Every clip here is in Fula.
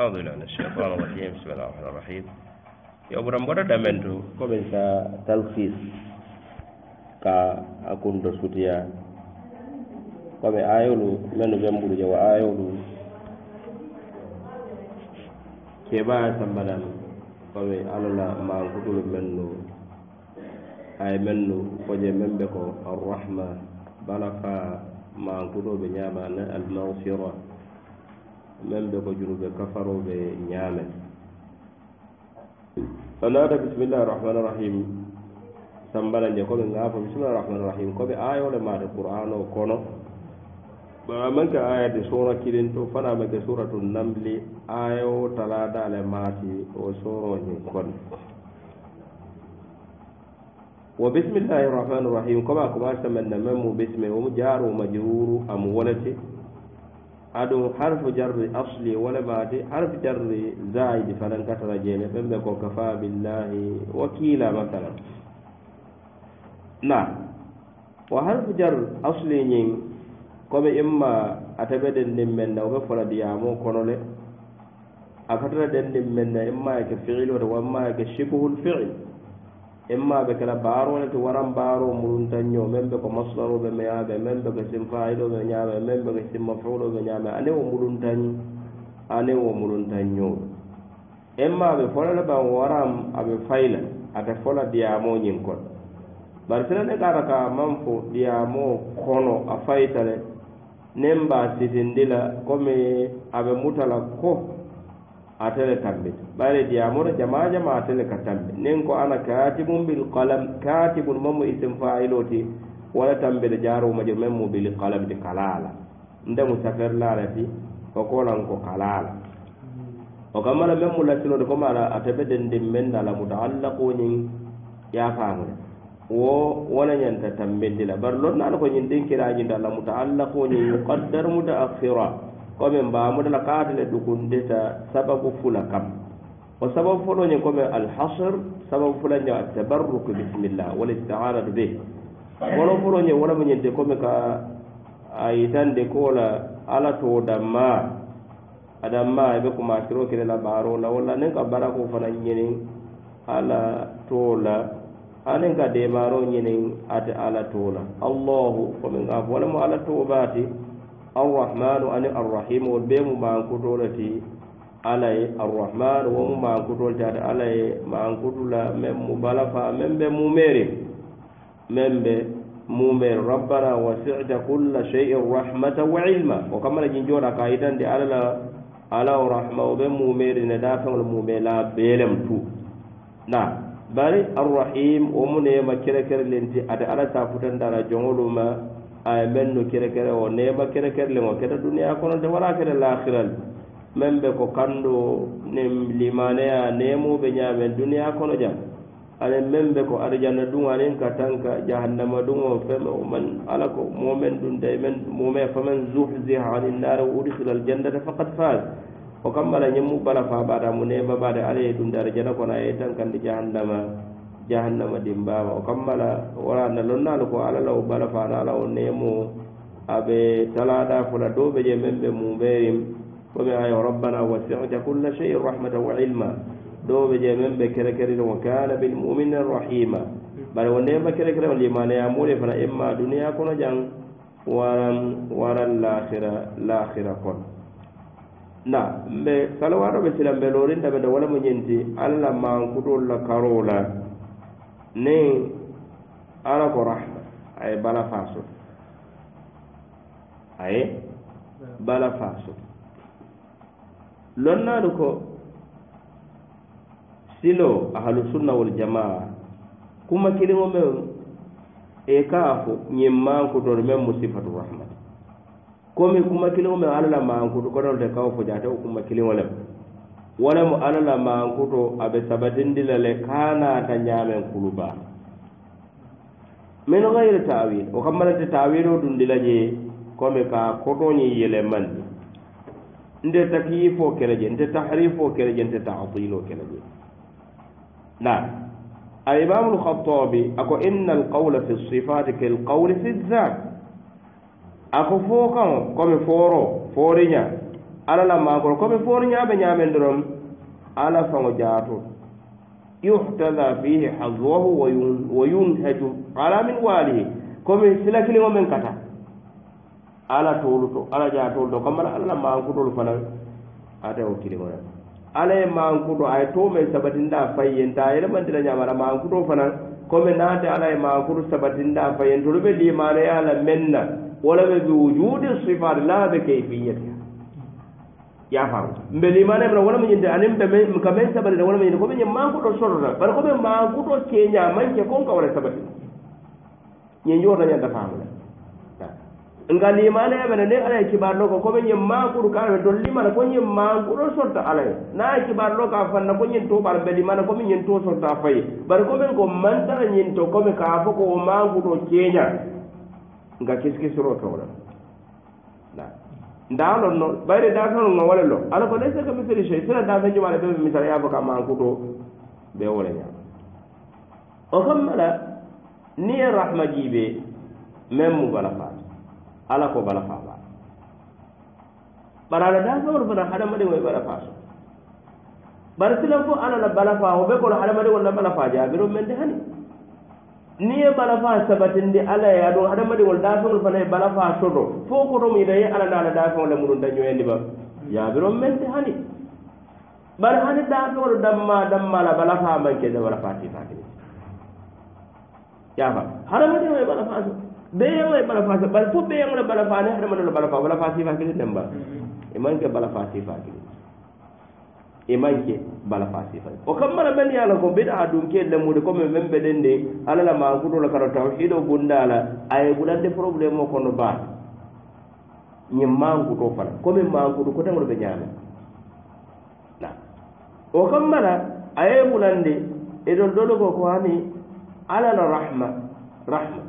audubillahi min alcheitani rrajim bisimillahi rahmani irrahim yowɓura mboɗoɗa men to commen sa talkhis ka a kunto sutiya comme ayolu menno wemɓuru jawo ayolu keɓa sambanan comme alala mankutulu menno hay menno koje membe ko arrahma bala fa mankutoɓe ñama na almahfira men ɓe ko kafaro kafaroɓe ñaame o naata bisimillahi rahmani rahim sambala ko koɓe ngaafo bisimillahi rahmani rahim koɓe ayole maate qur'an o kono aya ayade sura kirin to fana make suratu namli ayo taladale maati o soroñin kono wa bisimillahi rahmani rahim koɓa commence men na men mu bisimi womu jaaru majruru am wolete aɗum harfe jarri asli wala maade harfe jarri zaide fanan katara jeene ɓen ɓe ko kafa billahi wakila masalan na wa harfe jar asli ñin komi imma atabe ɗenndin menna oɓe fola diyamo konole a katara ɗenndin menna imma yake fiil wata wamma yake chibhul fiil imma ɓe kala baarole to waran baaro murunta ño men ɓe ko maslaroɓe ɓe ñaame men ɓe ko sim fayiɗoɓe ñaame men ɓe ko sim mafuloɓe ñaame ane wo muruntan ane wo muruntan ñoɗo imma ɓe folale ban waran aɓe fayla ata fola diyamo ñinkoɗo bar sinane kara ka man fo diyamo kono a faytale nen mba sitindila komi aɓe mutala ko atele tambe ɓare diyamono jamajama atele ka tambe nin ko ana katibum bil qalam katibun mamo isim failoti wala tambe de jarumajo memmo bil qalam de kalala ndemo safer larati hokonan ko kalala o kam mala memmo lasilode komaɗa atebe den din mendala mutaallakuñin yafamude wo wonañanta tambendila bar lonnano ko ñin ɗinkiraji ndala mutaallakuñin yuqaddar mutaahira komin mbamudana kaatane ɗukundita sababu fula kam o sababu foloñe komin alhasr sababu fulañe atabarruk bisimillah wala istiaanatu be wono foloñe wonama ñinte komi ka a yitande kola ala to damma adamma eɓe ko masiro kinela barola walla anen ka barako fana ñinin ala tola anen ka debaro ñinin ate ala tola allahu komin ga fo walamo ala to baati alrahmanu ani arrahim wo bee mu mankutole ti alay arrahmanu wo mu mankutole ti ata alay mankutula men mu balafa men be mumerim men be mumer rabbana wasita kulla cheyin rahmatan wa ilma o kammala jinjoɗa ka yitandi alala alao rahma o be mumeri ne dafeŋol mume la belem tu na bari arrahim wo mu neyema kerekere lenti ate ala safutandara joŋolu ma aya men no kere kere o neema kere kerle ngo kede duniya kono de wala kede lahiral men ɓe ko kanndu ni limaneya neemuɓe ñaamen duniya kono jam anen men ɓe ko arjanna ɗuganin ka tanka jahannama ɗum o femoman ala ko momen ɗum de men mome famen zuhziha ani nnare o udkilal jannate fakat fas o kam mala ñemmu bala fa ɓaɗa mu neema ɓade ala ye ɗum de arjana kono aye tan kandi jahannama jahannama din baba o kammala wala na lonnalu ko ala law bala fana ala o nemo aɓe talaɗa fola doɓe je men ɓe muɓerim komi ayo rabbana wasita culla shei rahmatan wa ilma doɓe je men ɓe kerekerino wa kana bilmumina rahima bara o nema kerekere o limaneyamuɗe fana imma duniya kono jan waran waran lahira lahira kon na mɓe salawaɗoɓe silamɓe lorindaɓe nde wala mo ñenti allah mankutolla karola ne ala ko rahma a ye bala faa soto a ye bala faa soto lonnaaɗo ko silo sunna wal jamaa kuma kiliŋo meŋ e ka a fo ñiŋ maankutoto meŋ mu sifatu rahmati komi kuma kiliŋo meŋ alla la maankutu kotolu te kawo fo jaate wo kuma kiliŋo lemu wolemu alla la mankuto aɓe sabatindi la le kanata ñamen kuluba min gayre tawil o kammalante tawilo dundi la je comme ka kotoñi yelemandi nde takyifo kele je nte tahrifo kele je nte taatilo kele je na a imamu lhatabi ako inna alqawla fi lsifati kalqawli fi dzat ako fo kan comme foro foriña ala la maakoro ko ɓe fooru ñaaɓe ñaamen dorom ala faŋo jaato yuhtada fihi hazwahu wa yunhaju ala min waalihi koɓe silakiliŋo men kata ala tooluto ala jaatoolu to kam mala ala la maankutolu fanaŋ ata wo kiliŋo la ala ye maankuto a ye too me sabatinda fayyenta a yelemandi la ñaama ala maankuto fanaŋ komi naate ala ye maankuto sabatinda fayyen tolu ɓe limanoya la men na wo la ɓe ɓe wujuude sifaate laa ɓe keyfiyyata ya faam mbeli imane ibra wala ma ñinde anin ɓe ka men sabatina wala ma ñinde koɓe ñe maankuɗo sotota bara koɓe maankuɗo keña manke kon ka wara sabatina ñe jootañanta faamule ngal imane ɓene nde alaye kibar loko koɓe ñe maankuɗo kaɓe dollimana ko ñe maankuɗo sotta alaye naa kibar loka fanna ko ñin tuɓar mbeli imane koɓe ñin to sotta fayi bara koɓen ko mantara ñinto koɓe kaa fo ko o maankuɗo keña nga kiskisoro towla ndaaloon noon bayre daatoono ngon wale loo ala ko laysa ka misali chey sila daafejumaale ɓeɓe misal yaafo ka mankuto ɓe wole ñaama o kam mala niye rahma jiiɓe men mu bala faata ala ko bala faaɓa bara ala daafawol fana hadamaɗe ngo e bala faato bara silan fo alala bala faa o ɓe kono hadamaɗe ngo na bala faa jaabiro men de hani ni ye balafaa sabatindi ala ye aduŋ hadamadiŋolu daafeŋolu fanaŋ ye balafaa soto fo kotomu ida ye ala naala daafeŋo le murunta ñoyandi ba yaabiroŋ meŋ hani bari hani daafeŋolu dammaa dammaa la balafaa maŋ kete balafaa tiitaa kele hadamadiŋo ye balafaa soto beeyaŋo ye balafaa soto bari fo beeyaŋo le balafaa niŋ hadamadiŋo le balafaa balafaa siifaa kiliŋ neŋ ba i mm-hmm. e maŋ ke balafaa siifaa kiliŋ imanke e bala fasifay o kammana men yala ko bid'a dunke lemmude comme men ɓe ɗen nde alala makutola kara tawhido gundala aye ɓulande probléme o kono baata ñin mankuto fala comme mankutu ko tengoɗo ɓe ñaame na o kammana aye ɓulande eɗon ɗoɗogo ko hani alala rahma rahma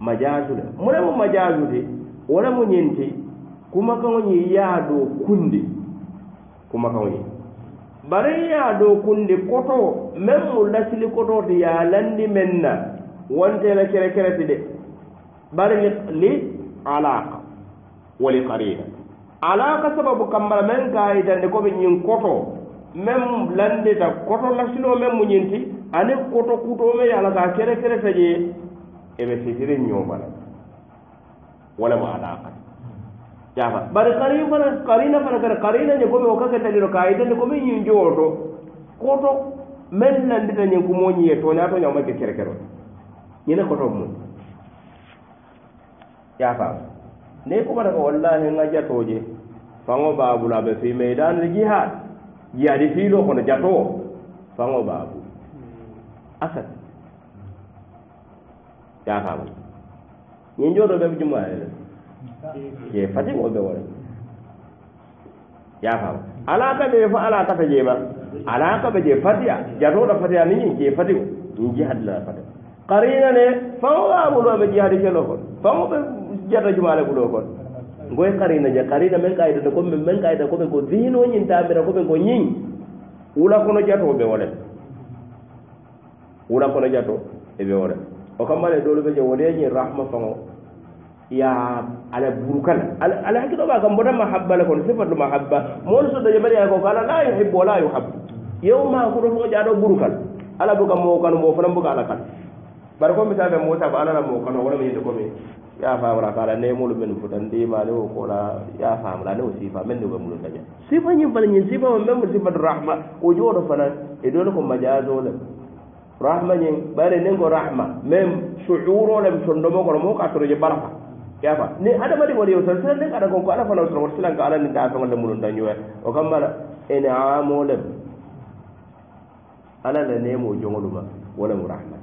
majajule munemo majajude wonemo ñinti kumakaoñi yaado kunde kumakaoñi bari ye do kundi koto meŋ lasili koto ti ye a landi meŋ na wonte kere kerekereti de bari li alaka wali karina alaka sababu kambala men ka a yitandi komi ñiŋ koto meŋ landita koto lasiloo meŋ mu ani aniŋ koto kutoo ya ye a la ka a kerekerete je e be sitiri ñooma la alaka yafa bari kari fana karina fana kata karina ñe komi o kake taliro ka yitande komi ñin jowo to koto men nandita ñin ko moñiye toni a toñaw mayke kere kero ñine koto mum yafa ne kumata ko wallahi nga jatoje fango babula ɓe fi maidan l jihad jihadi filo kono jatowo fango babu asad yafama ñin jooto ɓeɓe jumaa ele je fati o ɓewore yafama ala kaɓe fo ala kata jeba ala kaɓe je fatiya jatoɗo fatiya ni je fati o in jihadilana fati karina ne fawo amuɗoɓe jihadi kelo kon fawo ɓe jatta jumale ɓuɗo kon goye karina je karina men kayidata komme men kayida komen ko dinoñintamira komen ko ñiñ wula kono jatto ɓe wole wula kono jatto eɓe wole o kammane dolo ɓe je woleñi rahma fango ya ala burukala ala hakkito ɓa kam mbota mahabba la kon sifatu mahabba mawɗo soddo jaɓariya ko kala la yuhibbo la yuhabbu yew ma koto fo jaɗo burukal ala boka mo kano mo fana boka ala kal bara ko misaɓe mosa ko alala mo kano wonama yinde komi yafamra kala ne molu men fota ndima ne o kola yafamra ne o sifa men ne wemulu daña sifa ñim fana ñin sifa ma memo sifatu rahma o jooto fana e dole ko majasole rahma ñin ɓare nen ko rahma même suurolem sondomo kono mo kattoroje baraka ke ya, apa ni ada mari wali usul sunan ni ada kongkok ala kalau usul sunan ka ala ni dah sama lemun dan nyuwe o kamala ini amulam ala la nemu jongoluma wala murahmat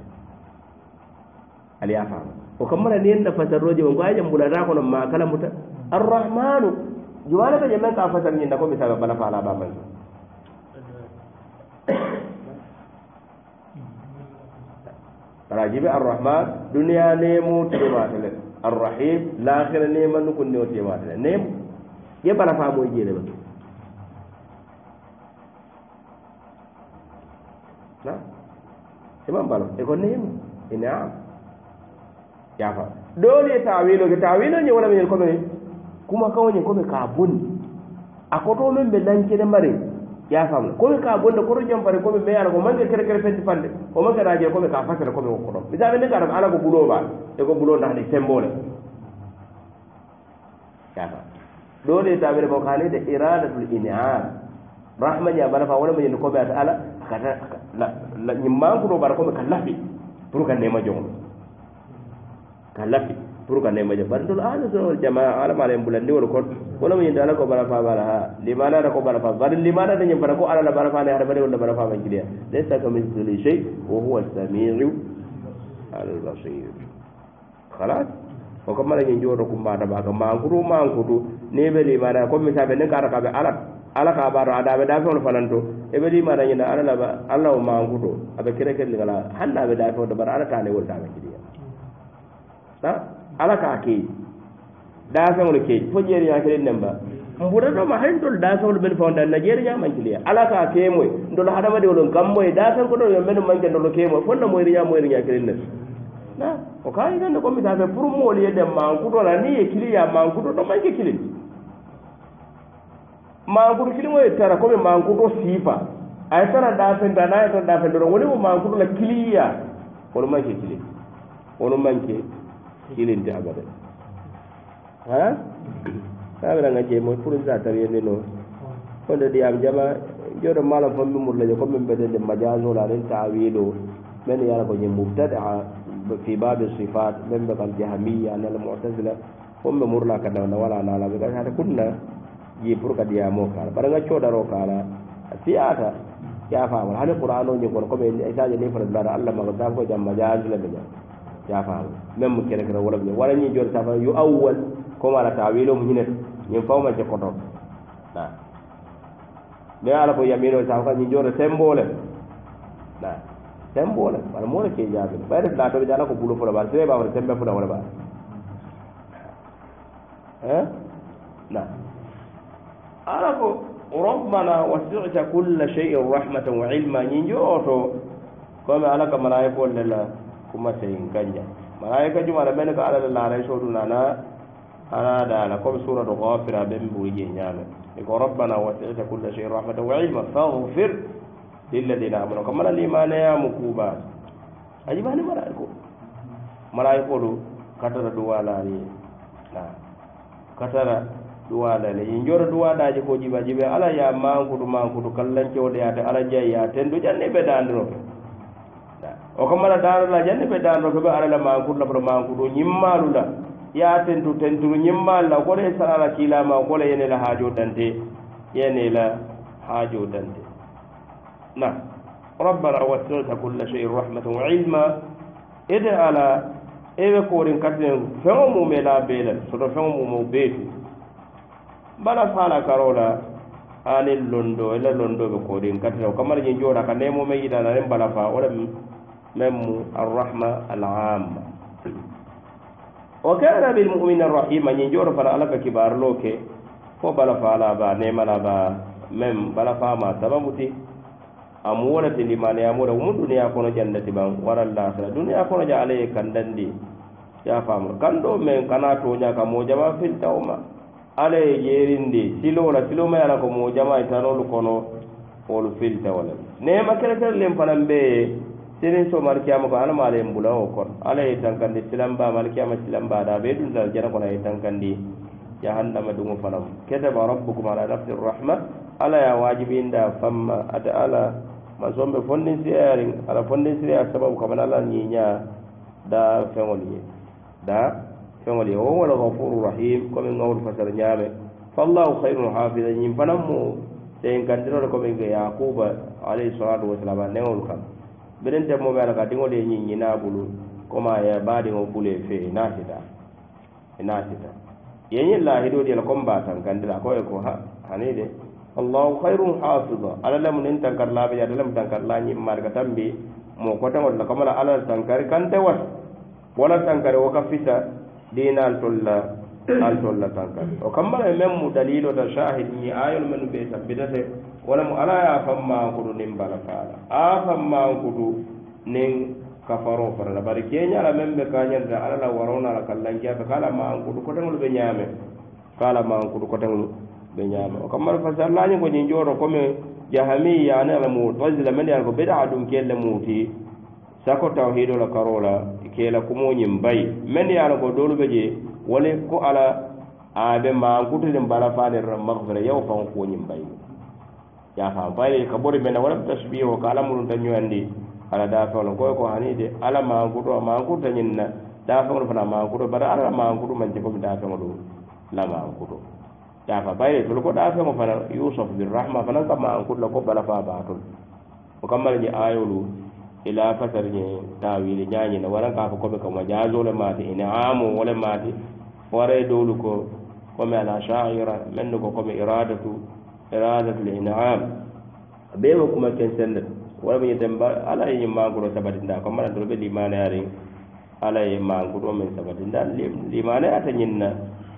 ali afa o oh, kamala ni nda fasaroje wongo aja mbula ra ko ma kala muta arrahman jiwala ta jemma ka fasar ni nda ko misaba lah, bana fala ba man Rajib Ar-Rahman dunia ni mutlimat. arrahim lahira nemanu ko newtemaatene nema ye bala faamoy jeele ba na siman bala eko nema e niama yafa ɗoni tawiloke tawiloñe wona minen koɓe kuma kawoñe koɓe ka bonni a koto men ɓe lancene mari ya famna komi ka bonde koto jampare komi meyana ko manke kere kere fenti fande o manke daje komi ka fasere komi wokko ɗon misali nde gaɗam ala ko bulo mbaɗa e ko bulo dahde sembole yafa ɗo de tawire mo kalede iradatul inam rahma ña bala fa wona mo ko komi ata ala kata ñimmankuno mbaɗa komi ka lafi pour ka nema jogno ka lafi pour que ne moƴa bar ndol ana sowol jama alamala en bulandi wol kon wala mo ñinde ala ko bara faama alaha limana ara ko bara faama bar limana ada ñim fata ko alala bara faana hada bare wonde bara faama jiliya laysa ka mislili chey wa huwa samiru albasir halas oko mala ñin jowoto kumbata baka mankutu mankutu ni ɓe limana comme misaɓe nen kata kaɓe alat ala ka ɓaato adaɓe dafewol fananto eɓe limana ñinde alalaa allah o mankuto aɓe kere kelligala hannaɓe dafewoto bara alatane woltaɓe jiliya ala ka keeyi daasaŋolu keeyi fo jeeriñaa kele nemba mbura do ma hay ndol daasaŋol bel fawda na jeeriñaa mankiliya ala ka keemoy ndol hadamade wolon gammoy daasanko ɗo yo mene manke ndolo keemoy fo na moyriña moyriñaa kele nes na o kaa yitande comme ta fe pour mool yede mankutola ni ye kiliya mankuto ɗo manke kilin mankutu kilimoye tara comme mankuto siifa aye tana ɗaafenta naye tana ɗaafen ɗoɗo woni mo mankutola kiliya wono manke kilin wono manke ilinti abada ha kaɓiranga jeemo pour sa tawiyende noo honde ɗiyam jama jooɗo malam fo min murlaje comme min mbedede majasola nen tawiɗo min yala ko ñim mubtadaa fi babe sifat min ɓe kam jahamiya nela mutasila fo ɓe murla ka nawna wala nalaɓe kadi hata kunna ji pour ka ɗiyamo kala ɓaɗa ga coɗaro kala fiyata ya famal hani qouran o ñikono comme sajo ni fotaɗaɗa allah maga safko jam majasila ɓe jam safaro même kere kere wolof ñe wara ñi jooɗo safaro yo awwal comme ala tawilo mo ñinata ñin fawma e jekkotoo na mais ala e ko yamino safa ka ñi jooɗo symbole na symbole wala moola ke jaabino ɓay ref latoɓe de ala ko ɓulo fula ɓa sire ɓafata sembe fula wala ɓa na ala ko rabbana wasita culla cheyin rahmatan wa ilma ñi jooto comme ala ka malaika ollela kuma seyin kanja malaye ka jumala mene ka alala laaray sodu nana ana dala comme sura de gafir a ɓen ɓuri je ñame iko rabbana wasita culle chei rahmata wa ilma fafir lilladina amano ka mala limaneyamu kubaat a jibani malaye ko malaye kolu katara duwalani na katara duwalani yin jora duwaɗaji ko jiba jibe ala ya mankudu mankudu kallancewo de yaate ala jeyi ya ten du ƴanni ɓe dandinoto o kam mala daarola ñannde ɓe daanoo koɓe arala mankudu la boto mankudu o ñimmaalu la ya tentu tentulu ñimmaalu la kole e salala kiilama o kole yene la haajoo dante yene la haajoo dante na rabbana wasirta culla chei rahmatan wa ilma ede ala ewe koorin katten feŋo mume la beelal soto feŋo mumo beetu mbala faala karola anin londo ela londoɓe koorin katte o kamma la ñin jooɗa ka nemume yiɗana nen mbala faa wo la même mu arrahma alama wa kana bilmumina rahima ñiŋ jooro fana alla ka kibaaruloo ke fo bala fa la ba nema la ba même bala fa ma sababu ti amu wo le ti limaneyamu la umu duniyaa kono jannati baŋ wara lahira duniyaa kono ja alla ye kandandi ya faamu kando men kana tooña ka moo jama filtawo ma alla ye jeerindi silo la silo ma ye a la ko moo jama itanolu kono wolu filtawo le neema kerekere len fanaŋ bee ye sirin so malikiyama ko hanama ala yen bulawo kono ala ye tankandi silamba malikiyama silamba da ɓe ɗum dal jana kono ye tankandi jahannama ɗumo fanam kataba rabbukum ala nafsi rrahma ala ya wajibinda famma ata ala masomɓe fondinsiri ala fondinsiri a sababu kamana ala ñiña da feŋol ye da feŋol ye wowal gafuru rahim commin gawol fasar ñaame fallahu hayrun hafida ñin fanan mo seyin kandirole commin ke yacuba alayhi salatu wasalam a neŋol kam benen te moɓe ala ka diŋo de ñiŋ ñina bulu koma ye baadiŋo bulue fee ina sita ina sita ye ñiŋ lahido di la comme baatan kandila ko ye ko ha hani de allahu hayrun hafida ala lemu niŋ tankari la beje ata lemu tankari la ñiŋ marika tan bi moo kotaŋo tila kamala ala la tankari kante wata wala tankari wo ka fita diina al tol la al tol la tankari o kammala ye meŋ mu dalilo ta sahid ñiŋ ayolu mennu be tabbitate walamu ala ye a fan mankudu niŋ bala faala a fan mankudu niŋ kafaro farala bari keeñala meŋ be kañanta ala la warona la kallankeyape ka ala mankudu koteŋolu be ñaame ka ala mankudu koteŋolu be ñaame o kamma fa sallañiko ñiŋ jooto comme jahamiya aniŋ ala mutazila mendi ala ko bidaa duŋ keel le muuti sako tawhido la karo la keela kumoñiŋ bayi mendi ye ala ko doolu be je wale ko ala a be mankutudiŋ bala faaniŋ maghfira yaw faŋo kuwoñiŋ bayi yafa fayde ka ɓori mena waɗat tasbiho ko ala muɗum tan ñoyandi ala dafaŋlo koye ko hanide ala mankuɗo mankuɗo tañinna dafaŋlo fana mankuɗo bara alala mankuɗo mance komi dafeŋlo la mankuɗo yafa fayde tolu ko dafeŋo fana yusuf birrahma fanan ka mankuɗo la ko bala fa batol o kammala ñi ayolu ila fasar ñe tawile ñañina waran kaka koɓe kama jasole mate ine amu wole mate waray dowlu ko komi ala shaira mennu ko komi iradatu iradatul inam ɓe wo kuma ken sellet wala ɓe ñeten ba ala ye maguro sabatinda ko mbaɗantoro ɓe limanayarin ala ye maguro men sabatinda limanayata ñinna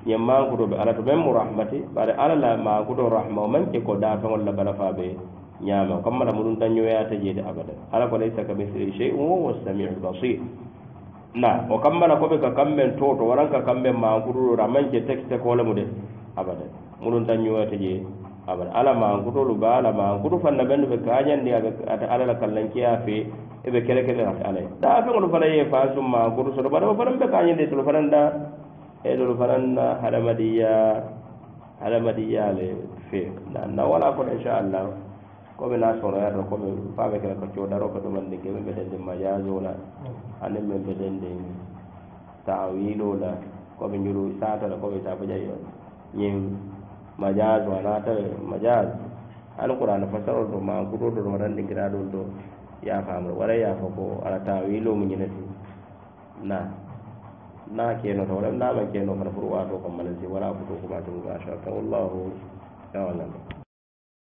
ñe maguro ɓe ala to men mo rahmati bare ala la maguro rahma o man ke ko datongol la bala faɓe ñama comme mala muɗum tan ñoyata jeede abada ala ko laysa ka misli cheyum wo wassamiu lbasir na o kammala koɓe ka kamɓen toto waranka kamɓen maguroɗo ra man ke tekite kolemu de abada muɗum tan ñoyata jeede aɓat ala mankutolu ba ala mankutu fanna ɓennu ɓe kañandi aɓeat alala kallankeya fe eɓe kele kele ati alaye da feŋolu fana ye fa sum mankutu soto ɓata o fanan ɓe kañandi tolu fananda eɗolu fananna hadamadiya hadamadiyale fe nanna wala kono inchallah komi na sonoyato komi faɓe kele ko codaro ko tumandi ke min ɓeɗende majasola hani min ɓeɗende tawilola komi ñuru satala komi sabo ƴayo ñin majage wala ta majage alqurana fasaro ɗo ma guroɗo ɗo tan ɗigiraɗol ɗo yafamre waɗa yafa ko ala tawilo mu ñinati na na keno ta waɗam nama keno kono pour wato kam mala si wala futo kumatogo machallah wallahu awalam